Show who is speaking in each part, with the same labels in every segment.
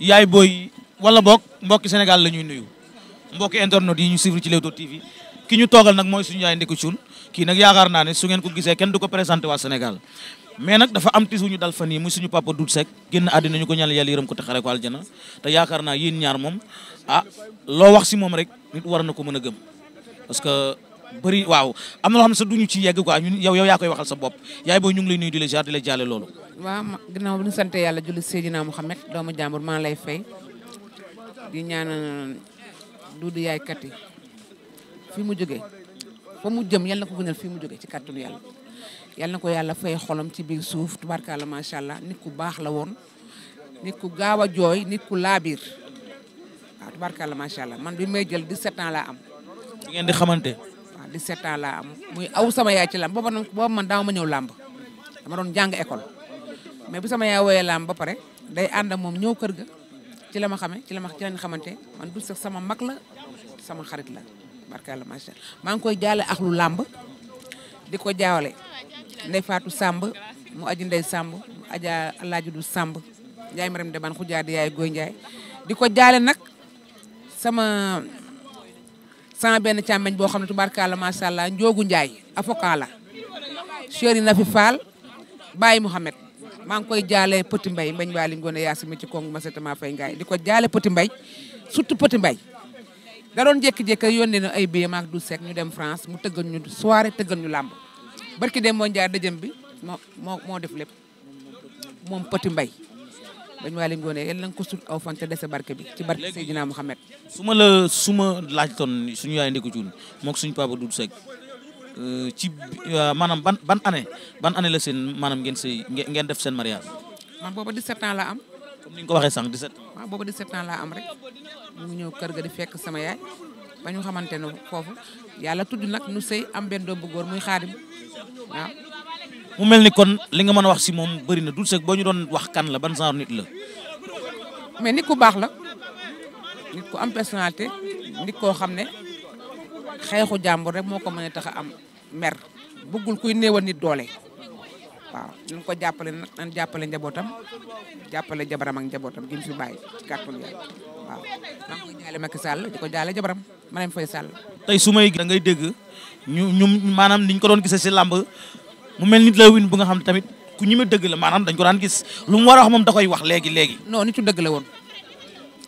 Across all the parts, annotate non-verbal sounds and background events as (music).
Speaker 1: yaay booy wala boog mbokki Sénégal la ñuy nuyu mbokki internet yi ñu suivre ci Leewtoo TV ki ñu toogal nag mooy suñu yaay Ndickou Thioune kii nag yaakaar naa ne su ngeen ko gisee kenn du ko présenté waa Sénégal mais nag dafa am tis wu ñu dal fan yi muy suñu papa Doudou Seck génn àddina ñu ko ñaanal yàlla ko te xare ko aljana te yaakaar naa yéen ñaar moom ah loo wax si moom rek nit war na ko mën a gëm parce que bari waaw am na loo xam ne sax duñu ci yegg ko ñun yow yow yaa koy waxal sa bopp yaay boo ñu ngi lay nuyu di la jaar di la jaale loolu
Speaker 2: waaw ginnaaw bu ñu yàlla julli Seydina Mouhamed doomu jàmbur maa lay fay di kat yi fi mu jógee fa mu jëm yal na ko gënal fi mu jógee ci kàttanu yàlla yal na ko yàlla fay xolam ci biir suuf tubarkalla macha allah nit ku baax la woon nit ku gaaw a jooy nit ku laabiir waaw tubarkalla macha allah man bi may jël 17 ans laa am.
Speaker 1: ngeen di xamante.
Speaker 2: 17 ans laa am muy aw sama yaay ci làmb booba man booba ma ñëw làmb dama doon jàng école mais bu sama yaay wooyee làmb ba pare day ànd moom ñëw kër ga ci la ma xame ci la ma ci lañ xamante man du sax sama mag la sama xarit la barke Yàlla macha maa ngi koy jaale ak lu làmb di ko jaawale ndey Faatu Samb mu aji ndey Samb mu aja Alaaji du Samb Njaay Maram de ban xujaar yaay Goy Njaay di ko jaale nag sama sama benn càmmeñ boo xam ne tubaarkalla macha allah Ndiogu Ndiaye avocat la chéri na fi faal Baye Mouhamed maa ngi koy jaale Petit Mbay mbañ waa lim gone yaa simi ci kong ma setama fay ngaay di ko jaale Petit Mbay surtout Petit Mbay daroon doon jékki-jékki yónnee na ay billets maak du sec ñu dem France mu tëggal ñu soirée tëggal ñu làmb barki dem moo njaar dëjëm bi moo moo moo moom Petit Mbay dañu waa leen goone yàlla na nga ko aw fan te dese barke bi ci barke Seydina Mouhamed su ma
Speaker 1: la su ma laajtoon suñu yaay ndiko cuun mook suñu papa Doudou Seck euh, ci euh, maanaam ban ban année ban année la seen maanaam ngeen sëy ngeen def seen mariage
Speaker 2: man booba 17 ans la am ni nga ko
Speaker 1: waxee sànq 17 ans
Speaker 2: waaw booba 17 ans la am rek mu ñëw kër ga di fekk sama yaay ba ñu xamante ne foofu yàlla tudd nag nu sëy am benn doom bu góor muy xaadim waaw
Speaker 1: mu mel ni kon li nga mën a wax si moom bëri na Dul Seck boo ñu doon wax kan la ban genre nit la.
Speaker 2: mais nit ku baax la nit ku am personnalité nit koo xam ne xeexu jàmbur rek moo ko mën a tax a am mer bëggul kuy néewal nit doole waaw nañ ko jàppale nag njàppale njabootam jàppale jabaram ak njabootam gi mu fi bàyyi ci kàttan yàlla waaw. maa ngi koy jaale Macky Sall Sall.
Speaker 1: tey su may da ngay ñu ñu maanaam niñ ko doon gisee si làmb. mu mel nit la win bu nga xam ne tamit ku ñime dëgg la maanaam dañ ko daan gis lu mu war a wax
Speaker 2: moom da koy wax léegi léegi. non nitu dëgg la woon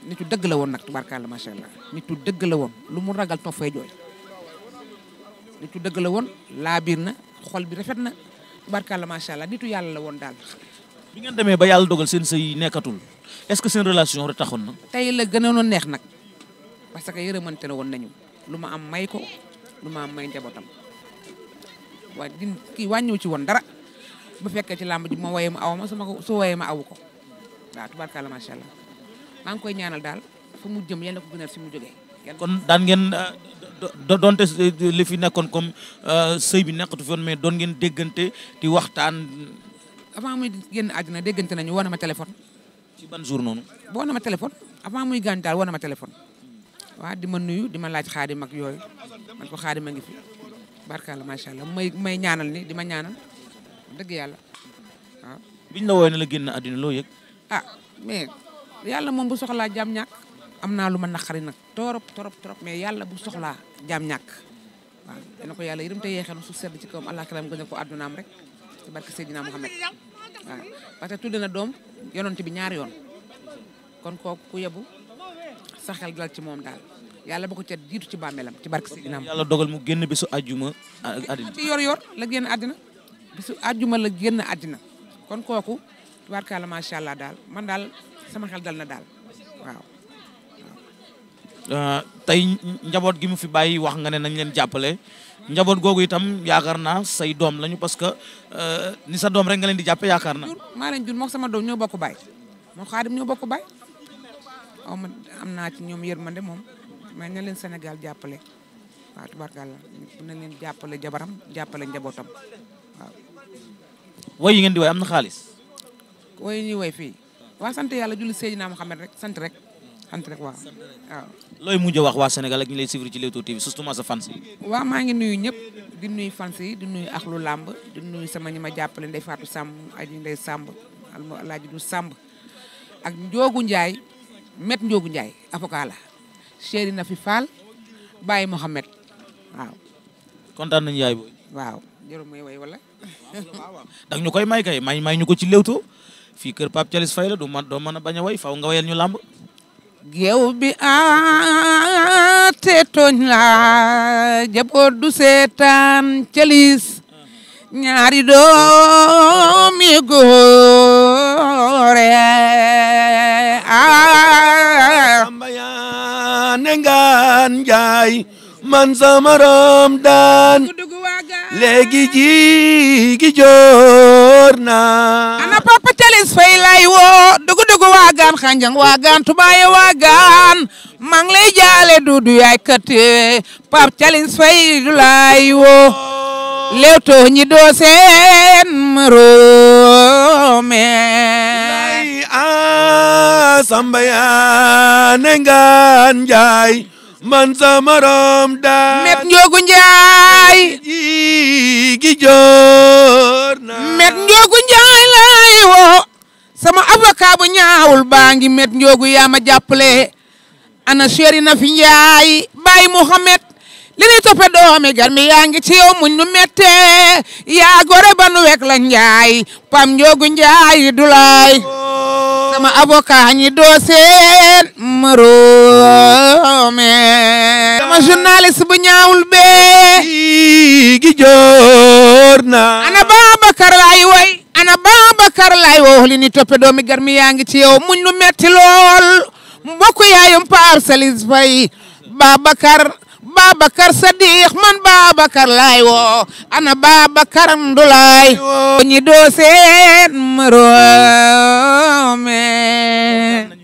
Speaker 2: nitu dëgg la woon nag tubaarkàlla macha allah nitu dëgg la woon lu mu ragal toog fay jooy dëgg la woon laa biir na xol bi rafet na tubaarkàlla macha allah nitu yàlla la woon daal. bi ngeen
Speaker 1: demee ba yàlla dogal seen sëy nekkatul est-ce que seen relation rek taxoon na.
Speaker 2: tey la gënoon a neex nag parce que yërëmante la woon nañu lu ma am may ko lu ma am may njabootam. waaye kii wàññiwu ci woon dara bu fekkee ci làmb ji ma woyee ma aw ma su ko su woyee ma aw ko waaw tubaarkàlla macha allah maa ngi koy ñaanal daal fu mu jëm yàlla ko gënal fi mu jógee. kon
Speaker 1: daan ngeen euh, doonte euh, li fi nekkoon comme euh, sëy bi nekkatu fi mais doon ngeen déggante di waxtaan.
Speaker 2: avant muy génn àddina déggante nañu woo na ma téléphone.
Speaker 1: ci ban jour noonu.
Speaker 2: woo na ma téléphone avant muy gaañ daal woo ma téléphone. waa di ma nuyu di ma laaj xaadim ak yooyu man ko xaadim ngi fi. barkaala macha allah may may ñaanal ni di ma ñaanal dëgg yàlla waaw.
Speaker 1: biñ la wooyee na la génn àddina loo
Speaker 2: yëg. ah mais yàlla moom bu soxlaa jàmm ñàkk am naa lu ma naqari nag torop torop torop mais yàlla bu soxlaa jàmm ñàkk waaw na ko yàlla yërëm te na suuf sedd ci kawam allah kilam gën ko addunaam rek ci barke Seydina Mohamed waaw parce que tudd na doom yonent bi ñaari yoon kon kooku ku yebu xel dal ci moom daal. yàlla ba ko ca jiitu ci bàmmeelam ci barke Seydina yàlla
Speaker 1: dogal mu génn bisu àjjuma àddina ci yor
Speaker 2: yor la génn àddina bisu àjjuma la génn àddina kon kooku tubaarkàlla macha allah daal man daal sama xel dal na daal waaw
Speaker 1: ah, tey njaboot gi mu fi bàyyi wax nga ne nañ leen jàppale njaboot googu itam yaakaar naa say doom lañu parce que ah, ni sa doom rek nga leen di jàppe yaakaar na
Speaker 2: maa leen jur moom sama doom ñoo bokk baay moo xaadim ñoo bokk baay aw ma naa ci ñoom yërmande moom mais na leen Sénégal jàppale waaw la na leen jàppale jabaram jàppale njabootam waaw. woy yi ngeen di woy am na xaalis. woy yi ñuy woy fii waa sant yàlla julli Seydina Muhammad rek sant rek sant rek waaw waaw. looy mujj
Speaker 1: wax waa Sénégal ak ñu lay suivre ci Leewtoo TV surtout maa
Speaker 2: ngi nuyu ñëpp di fans yi di nuyu axlu làmb di nuyu sama ñi ma jàppale Ndeye Fatou Samb aji Ndeye Samb Alaaji du Samb ak Ndiogu Ndiaye met Ndiogu Ndiaye avocat chéri na fi Fall Baye Mohamed waaw.
Speaker 1: kontaan nañu yaay booy. waaw jarul (laughs) ñu koy may kay may may ñu ko ci Leewtoo fii kër Pape Thialis Faye la du ma doo a bañ a way faw nga wayal ñu làmb.
Speaker 2: géew bi a teetooñ la jaboot du seetaan Thialis ñaari doom yi góor ngaan njaay man sama rom daan léegi ji gi joor naa. ana papa Thialis Faye lay woo dugu dugu waagaan xanjang waagaan tubaaye waagaan maa ngi lay jaale duudu yaay kat papa Thialis Faye du lay woo Leewtoo ñi doo seen roome. Ah, Samba yaa ne nga Birane Ndiaye man sa morom met Njoogu Njaay met Njoogu Njaay lay woo sama avocat bu ñaawul baa met Njoogu yaa ma jàppale ana chéri fi Njaay Baye Mouhamed li ni toppe doomi gar mi yaa ngi ci muñ nu mette yaa gore ba nu wek la Njaay pam Njoogu Njaay du lay oh. sama avocat ñi doo seen moroome sama journaliste bu ñaawul bee ana Babacar laay way ana Babacar laay woo li ni toppe doomi gar mi yaa ngi ci yow muñ lu metti lool mbokk yaayum Pape Salis Faye Babacar Sadiq man Babacar laay woo ana Babacar Ndulaay ñi doo seen moroome